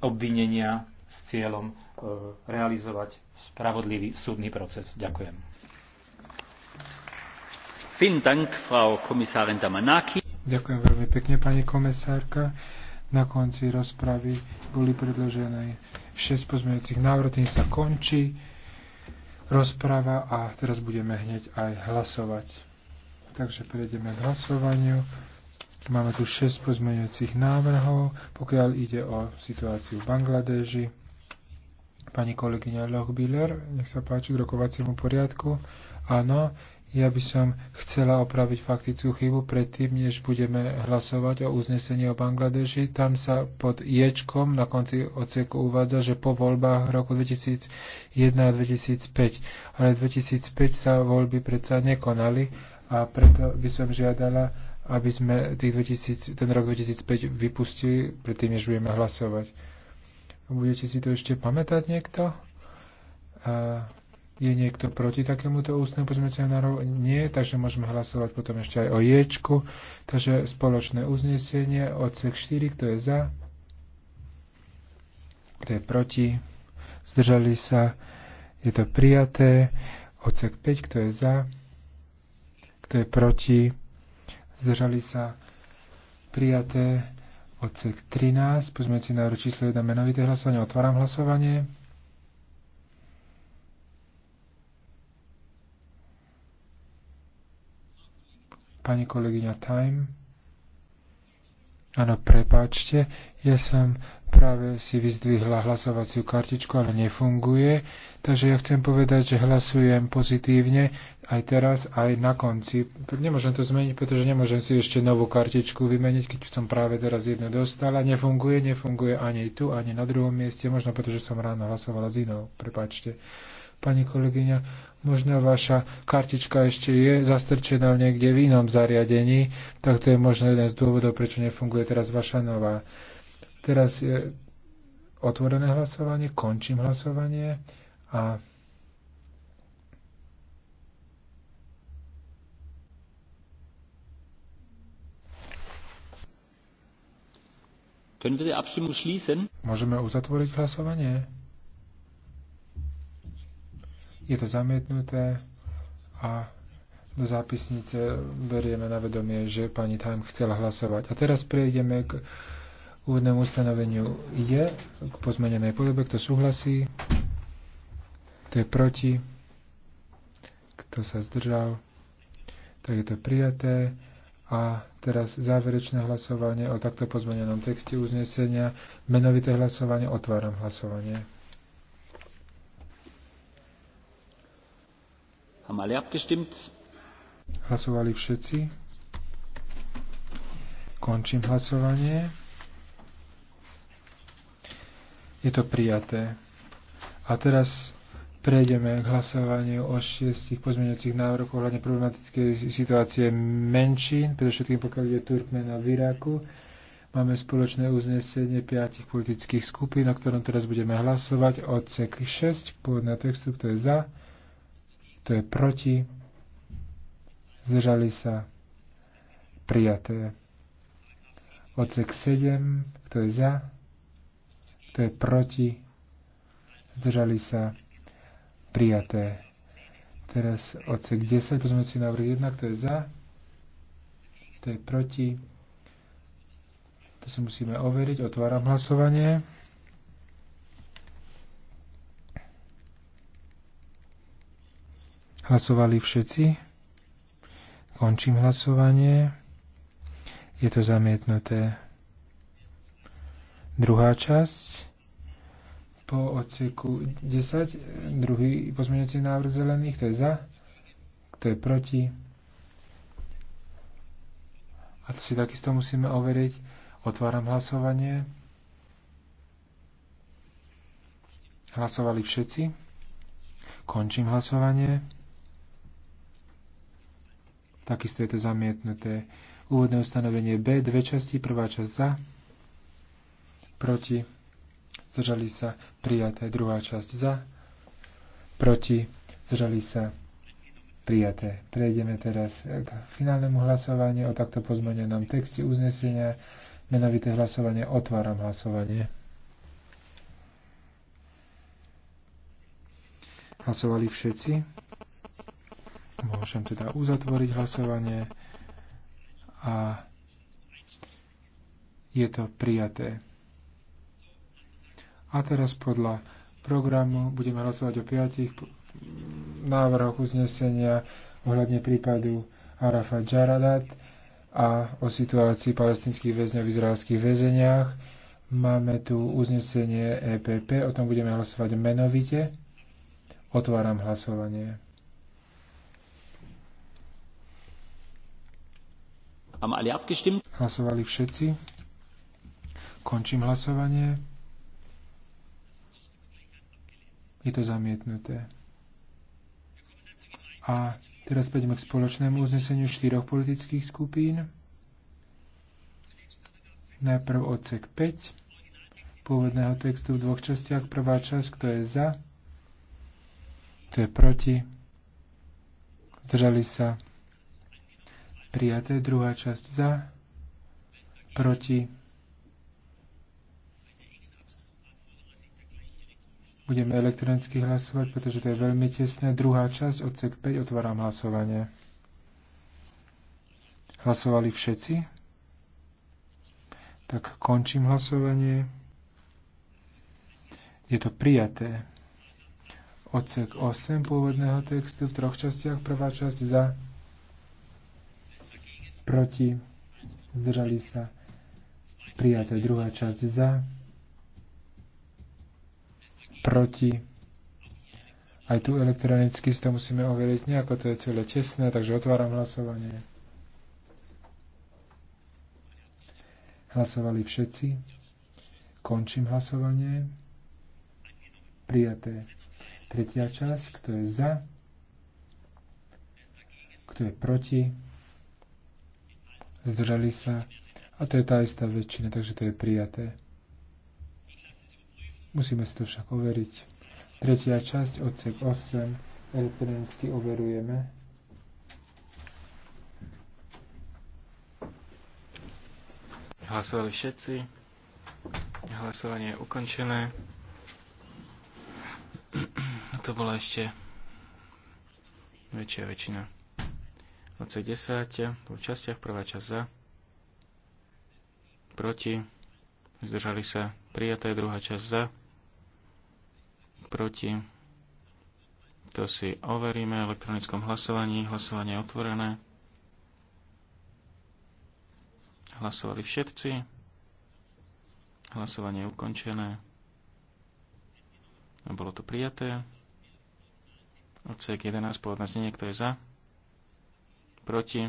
obvinenia s cieľom e, realizovať spravodlivý súdny proces. Ďakujem. Ďakujem veľmi pekne, pani komisárka. Na konci rozpravy boli predložené 6 pozmeňujúcich návrh, tým sa končí rozprava a teraz budeme hneď aj hlasovať. Takže prejdeme k hlasovaniu. Máme tu 6 pozmeňujúcich návrhov, pokiaľ ide o situáciu v Bangladeži. Pani kolegyňa Lochbiller, nech sa páči k rokovaciemu poriadku. Áno, ja by som chcela opraviť faktickú chybu predtým, než budeme hlasovať o uznesení o Bangladeži. Tam sa pod ječkom na konci odseku uvádza, že po voľbách roku 2001 a 2005. Ale 2005 sa voľby predsa nekonali a preto by som žiadala aby sme tých 2000, ten rok 2005 vypustili, predtým, než budeme hlasovať. Budete si to ešte pamätať niekto? A je niekto proti takémuto ústnemu pozmeňujúcemu návrhu? Nie, takže môžeme hlasovať potom ešte aj o Ječku. Takže spoločné uznesenie, odsek 4, kto je za? Kto je proti? Zdržali sa? Je to prijaté. Odsek 5, kto je za? Kto je proti? zdržali sa prijaté odsek 13, si návrh číslo 1 menovité hlasovanie, otváram hlasovanie. Pani kolegyňa Time. Áno, prepáčte, ja som práve si vyzdvihla hlasovaciu kartičku, ale nefunguje. Takže ja chcem povedať, že hlasujem pozitívne aj teraz, aj na konci. Nemôžem to zmeniť, pretože nemôžem si ešte novú kartičku vymeniť, keď som práve teraz jednu dostala. Nefunguje, nefunguje ani tu, ani na druhom mieste, možno pretože som ráno hlasovala s inou. Prepačte. Pani kolegyňa, možno vaša kartička ešte je zastrčená niekde v inom zariadení, tak to je možno jeden z dôvodov, prečo nefunguje teraz vaša nová. Teraz je otvorené hlasovanie, končím hlasovanie a Können wir die Abstimmung schließen? Môžeme uzatvoriť hlasovanie? Je to zamietnuté a do zápisnice berieme na vedomie, že pani Time chcela hlasovať. A teraz prejdeme k úvodnému ustanoveniu je k pozmenenej podobe. Kto súhlasí? Kto je proti? Kto sa zdržal? Tak je to prijaté. A teraz záverečné hlasovanie o takto pozmenenom texte uznesenia. Menovité hlasovanie. Otváram hlasovanie. Hlasovali všetci. Končím hlasovanie. Je to prijaté. A teraz prejdeme k hlasovaniu o šiestich pozmeňujúcich návrhoch ohľadne problematickej situácie menšín, predovšetkým pokiaľ ide Turkmena v Iraku. Máme spoločné uznesenie piatich politických skupín, o ktorom teraz budeme hlasovať. Odsek 6 pôvodná textu, kto je za, kto je proti? Zdržali sa? Prijaté. Odsek 7. Kto je za? Kto je proti? Zdržali sa? Prijaté. Teraz odsek 10. Pozmeňujúci návrh 1. Kto je za? Kto je proti? To si musíme overiť. Otváram hlasovanie. Hlasovali všetci? Končím hlasovanie. Je to zamietnuté. Druhá časť. Po odseku 10, druhý pozmeňujúci návrh zelených, to je za, kto je proti. A to si takisto musíme overiť. Otváram hlasovanie. Hlasovali všetci. Končím hlasovanie. Takisto je to zamietnuté. Úvodné ustanovenie B, dve časti, prvá časť za, proti, zdržali sa, prijaté, druhá časť za, proti, zdržali sa, prijaté. Prejdeme teraz k finálnemu hlasovaniu o takto pozmenenom texte uznesenia. Menovité hlasovanie, otváram hlasovanie. Hlasovali všetci. Môžem teda uzatvoriť hlasovanie a je to prijaté. A teraz podľa programu budeme hlasovať o piatich návrhoch uznesenia ohľadne prípadu Arafa Jaradat a o situácii palestinských väzňov v izraelských väzeniach. Máme tu uznesenie EPP, o tom budeme hlasovať menovite. Otváram hlasovanie. Hlasovali všetci. Končím hlasovanie. Je to zamietnuté. A teraz prejdeme k spoločnému uzneseniu štyroch politických skupín. Najprv odsek 5 pôvodného textu v dvoch častiach. Prvá časť, kto je za, kto je proti, zdržali sa, Prijaté. Druhá časť za. Proti. Budeme elektronicky hlasovať, pretože to je veľmi tesné. Druhá časť, odsek 5, otváram hlasovanie. Hlasovali všetci? Tak končím hlasovanie. Je to prijaté. Odsek 8 pôvodného textu v troch častiach. Prvá časť za proti, zdržali sa, prijaté druhá časť za, proti, aj tu elektronicky si to musíme overiť nejako, to je celé tesné, takže otváram hlasovanie. Hlasovali všetci. Končím hlasovanie. Prijaté. Tretia časť, kto je za, kto je proti, zdržali sa. A to je tá istá väčšina, takže to je prijaté. Musíme si to však overiť. Tretia časť, odsek 8, elektronicky overujeme. Hlasovali všetci. Hlasovanie je ukončené. A To bola ešte väčšia väčšina. C10 v častiach, prvá časť za, proti, zdržali sa prijaté, druhá časť za, proti, to si overíme v elektronickom hlasovaní, hlasovanie je otvorené. Hlasovali všetci, hlasovanie je ukončené a bolo to prijaté. Odsek 11, pôvodné znenie, kto je za? proti.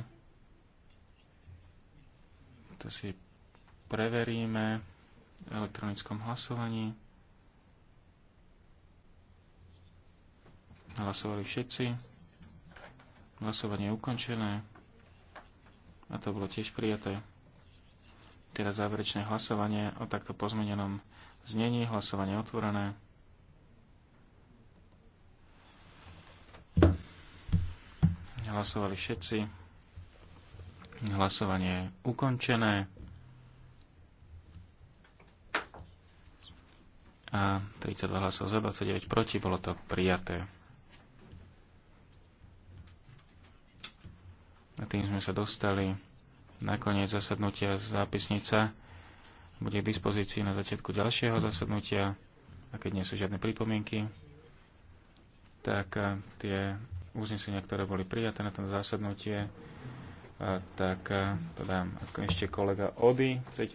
To si preveríme v elektronickom hlasovaní. Hlasovali všetci. Hlasovanie je ukončené. A to bolo tiež prijaté. Teraz záverečné hlasovanie o takto pozmenenom znení. Hlasovanie otvorené. Hlasovali všetci. Hlasovanie je ukončené. A 32 hlasov za, 29 proti, bolo to prijaté. A tým sme sa dostali nakoniec zasadnutia zápisnica. Bude k dispozícii na začiatku ďalšieho zasadnutia. A keď nie sú žiadne pripomienky, tak eh, tie uznesenia, ktoré boli prijaté na tom zásadnutie, tak to dám ešte kolega Ody. Chcete